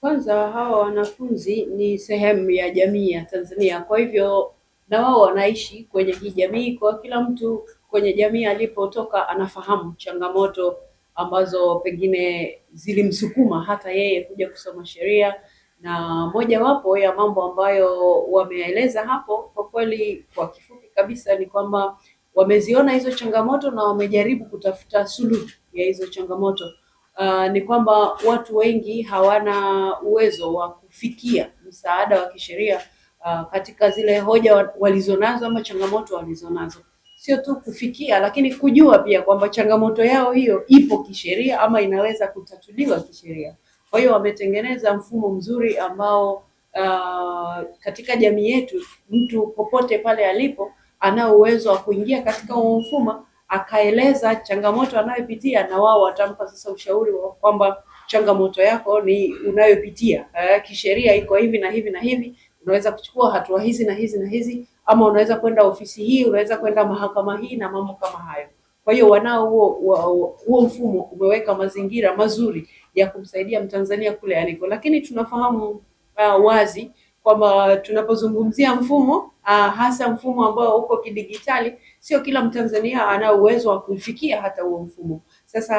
Kwanza hawa wanafunzi ni sehemu ya jamii ya Tanzania, kwa hivyo na wao wanaishi kwenye hii jamii. Kwa kila mtu kwenye jamii alipotoka anafahamu changamoto ambazo pengine zilimsukuma hata yeye kuja kusoma sheria, na mojawapo ya mambo ambayo wameeleza hapo, kwa kweli, kwa kifupi kabisa, ni kwamba wameziona hizo changamoto na wamejaribu kutafuta suluhu ya hizo changamoto uh, ni kwamba watu wengi hawana uwezo wa kufikia msaada wa kisheria uh, katika zile hoja walizonazo ama changamoto walizonazo, sio tu kufikia, lakini kujua pia kwamba changamoto yao hiyo ipo kisheria ama inaweza kutatuliwa kisheria. Kwa hiyo wametengeneza mfumo mzuri ambao Uh, katika jamii yetu mtu popote pale alipo anao uwezo wa kuingia katika huo mfumo akaeleza changamoto anayopitia, na wao watampa sasa ushauri wa kwamba changamoto yako ni unayopitia eh, kisheria iko hivi na hivi na hivi, unaweza kuchukua hatua hizi na hizi na hizi, ama unaweza kwenda ofisi hii, unaweza kwenda mahakama hii na mambo kama hayo. Kwa hiyo wanao huo huo mfumo umeweka mazingira mazuri ya kumsaidia Mtanzania kule aliko, lakini tunafahamu uh, wazi kwamba tunapozungumzia mfumo uh, hasa mfumo ambao uko kidigitali sio kila Mtanzania ana uwezo wa kufikia hata huo mfumo. Sasa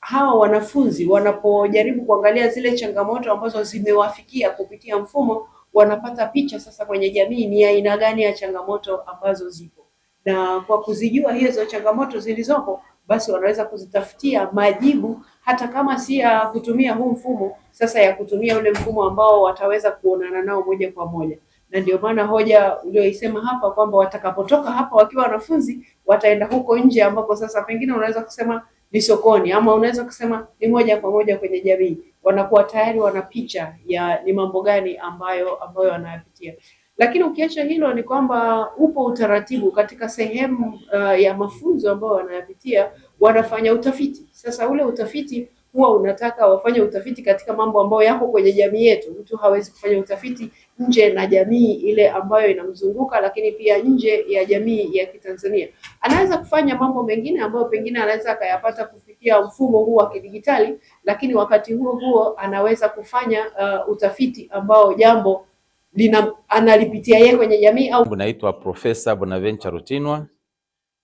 hawa wanafunzi wanapojaribu kuangalia zile changamoto ambazo zimewafikia kupitia mfumo, wanapata picha sasa kwenye jamii ni aina gani ya changamoto ambazo zipo, na kwa kuzijua hizo changamoto zilizopo, basi wanaweza kuzitafutia majibu, hata kama si ya kutumia huu mfumo, sasa ya kutumia ule mfumo ambao wataweza kuonana nao moja kwa moja na ndio maana hoja ulioisema hapa kwamba watakapotoka hapa wakiwa wanafunzi wataenda huko nje, ambapo sasa pengine unaweza kusema ni sokoni ama unaweza kusema ni moja kwa moja kwenye jamii, wanakuwa tayari wana picha ya ni mambo gani ambayo ambayo wanayapitia. Lakini ukiacha hilo, ni kwamba upo utaratibu katika sehemu uh, ya mafunzo ambayo wanayapitia, wanafanya utafiti. Sasa ule utafiti huwa unataka wafanye utafiti katika mambo ambayo yako kwenye jamii yetu. Mtu hawezi kufanya utafiti nje na jamii ile ambayo inamzunguka, lakini pia nje ya jamii ya Kitanzania. Anaweza kufanya mambo mengine ambayo pengine anaweza akayapata kupitia mfumo huu wa kidigitali, lakini wakati huo huo anaweza kufanya uh, utafiti ambao jambo lina analipitia yeye kwenye jamii au... Naitwa Profesa Bonaventure Rutinwa,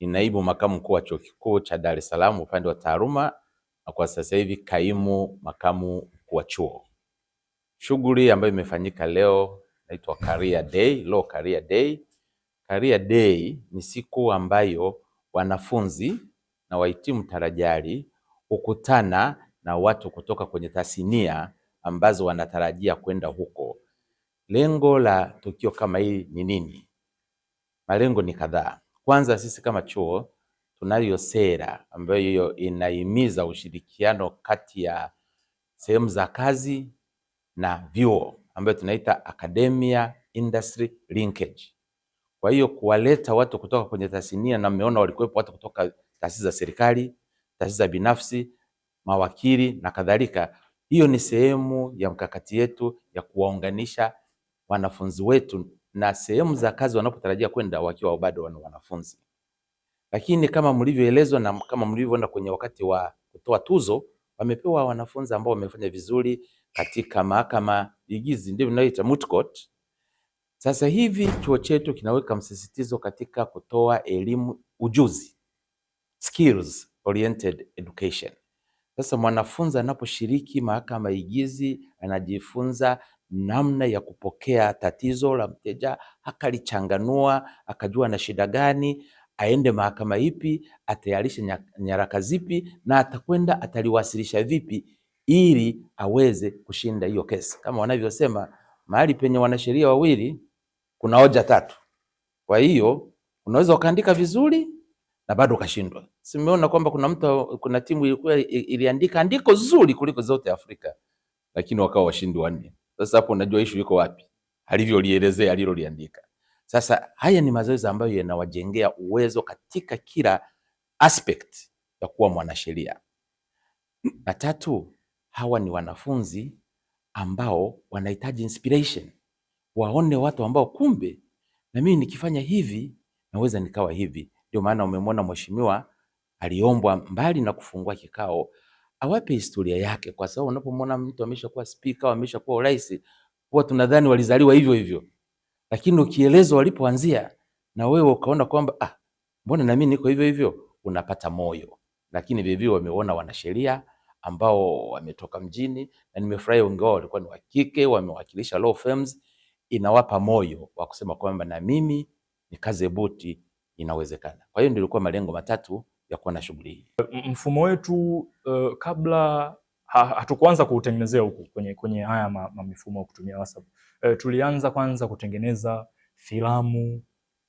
ni naibu makamu mkuu wa Chuo Kikuu cha Dar es Salaam upande wa taaluma na kwa sasa hivi kaimu makamu mkuu wa chuo. Shughuli ambayo imefanyika leo inaitwa Career Day, Law Career Day. Career Day ni siku ambayo wanafunzi na wahitimu tarajali hukutana na watu kutoka kwenye tasnia ambazo wanatarajia kwenda huko. Lengo la tukio kama hili ni nini? Malengo ni kadhaa. Kwanza, sisi kama chuo tunayo sera ambayo inahimiza ushirikiano kati ya sehemu za kazi na vyuo ambayo tunaita academia industry linkage. Kwa hiyo kuwaleta watu kutoka kwenye tasnia, na mmeona walikuwepo watu kutoka taasisi za serikali, taasisi za binafsi, mawakili na kadhalika. Hiyo ni sehemu ya mkakati yetu ya kuwaunganisha wanafunzi wetu na sehemu za kazi wanapotarajia kwenda wakiwa bado wana wanafunzi. Lakini kama mlivyoelezwa na kama mlivyoenda kwenye wakati wa kutoa tuzo, wamepewa wanafunzi ambao wamefanya vizuri katika mahakama igizi, ndio inayoita moot court. Sasa hivi chuo chetu kinaweka msisitizo katika kutoa elimu ujuzi, skills oriented education. Sasa mwanafunzi anaposhiriki mahakama igizi anajifunza namna ya kupokea tatizo la mteja, akalichanganua, akajua na shida gani aende mahakama ipi, atayarishe nyaraka zipi na atakwenda ataliwasilisha vipi ili aweze kushinda hiyo kesi. Kama wanavyosema mahali penye wanasheria wawili kuna hoja tatu. Kwa hiyo unaweza ukaandika vizuri na bado ukashindwa. Simeona kwamba kuna mtu, kuna timu ilikuwa iliandika andiko zuri kuliko zote Afrika, lakini wakawa washindi wanne. Sasa hapo unajua ishu iko wapi, alivyolielezea aliloliandika. Sasa haya ni mazoezi ambayo yanawajengea uwezo katika kila aspect ya kuwa mwanasheria. Na tatu, hawa ni wanafunzi ambao wanahitaji inspiration, waone watu ambao kumbe na mimi nikifanya hivi naweza nikawa hivi. Ndio maana umemwona mheshimiwa aliombwa mbali na kufungua kikao awape historia yake, kwa sababu unapomwona mtu ameshakuwa spika, ameshakuwa rais, huwa tunadhani walizaliwa hivyo hivyo lakini ukielezwa walipoanzia na wewe ukaona kwamba ah, mbona mimi niko hivyo hivyo, unapata moyo. Lakini vivyo wameona wanasheria ambao wametoka mjini na nimefurahi, wengi wao walikuwa ni wa kike, wamewakilisha law firms. Inawapa moyo wa kusema kwamba na mimi kaze buti, inawezekana. Kwa hiyo ndio ilikuwa malengo matatu ya kuwa na shughuli hii. Mfumo wetu uh, kabla hatukuanza kuutengenezea huku kwenye, kwenye haya ma, ma mifumo kutumia WhatsApp. E, tulianza kwanza kutengeneza filamu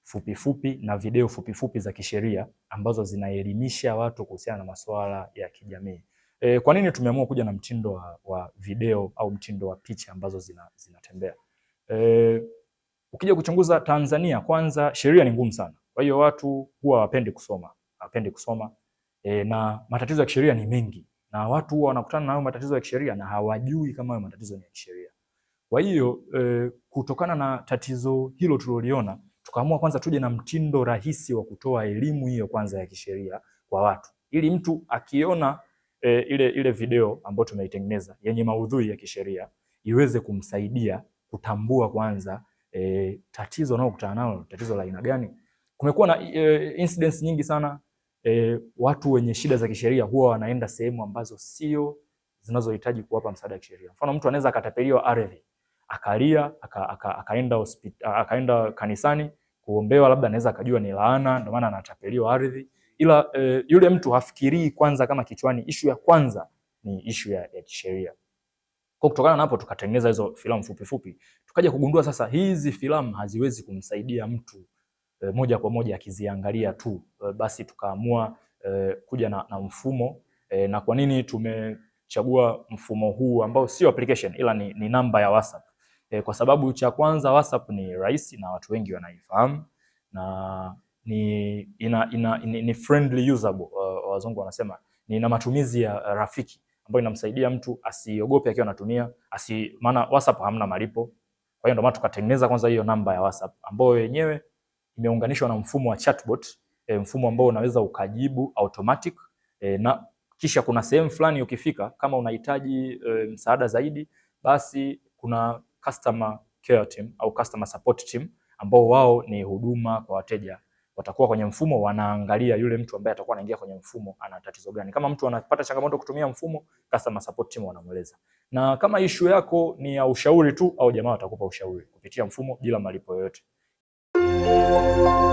fupifupi fupi na video fupifupi fupi za kisheria ambazo zinaelimisha watu kuhusiana na masuala ya kijamii. E, kwa nini tumeamua kuja na mtindo wa, wa video au mtindo wa picha ambazo zina, zinatembea? E, ukija kuchunguza Tanzania kwanza sheria ni ngumu sana. Kwa hiyo watu huwa hawapendi kusoma, hawapendi kusoma. E, na matatizo ya kisheria ni mengi na watu huwa wanakutana na hayo matatizo ya kisheria na hawajui kama hayo matatizo ni ya kisheria. Kwa hiyo e, kutokana na tatizo hilo tuliloliona, tukaamua kwanza tuje na mtindo rahisi wa kutoa elimu hiyo kwanza ya kisheria kwa watu, ili mtu akiona e, ile, ile video ambayo tumeitengeneza yenye maudhui ya kisheria iweze kumsaidia kutambua kwanza e, tatizo analo kutana nalo tatizo la aina gani. Kumekuwa na e, incidents nyingi sana e, watu wenye shida za kisheria huwa wanaenda sehemu ambazo sio zinazohitaji kuwapa msaada wa kisheria. Mfano, mtu anaweza akatapeliwa ardhi akalia akaenda aka akaenda kanisani kuombewa, labda anaweza akajua ni laana, ndio maana anatapeliwa ardhi, ila e, yule mtu hafikirii kwanza kama kichwani ishu ya kwanza ni ishu ya, ya kisheria. Kwa kutokana na hapo tukatengeneza hizo filamu fupi fupi, tukaja kugundua sasa hizi filamu haziwezi kumsaidia mtu e, moja kwa moja akiziangalia tu e, basi tukaamua e, kuja na, na mfumo e, na kwa nini tumechagua mfumo huu ambao sio application ila ni, ni namba ya WhatsApp e, kwa sababu cha kwanza WhatsApp ni rahisi na watu wengi wanaifahamu na ni, ina, ina, ina, ni friendly usable uh, wazungu wanasema ni na matumizi ya rafiki ambayo inamsaidia mtu asiogope akiwa anatumia asi, maana WhatsApp hamna malipo. Kwa hiyo ndio maana tukatengeneza kwanza hiyo namba ya WhatsApp ambayo yenyewe imeunganishwa na mfumo wa chatbot e, mfumo ambao unaweza ukajibu automatic e, na kisha kuna sehemu fulani ukifika kama unahitaji e, msaada zaidi, basi kuna customer care team au customer support team ambao wao ni huduma kwa wateja watakuwa kwenye mfumo wanaangalia yule mtu ambaye atakuwa anaingia kwenye mfumo ana tatizo gani. Kama mtu anapata changamoto kutumia mfumo, customer support team wanamweleza. Na kama issue yako ni ya ushauri tu, au jamaa watakupa ushauri kupitia mfumo bila malipo yoyote. Música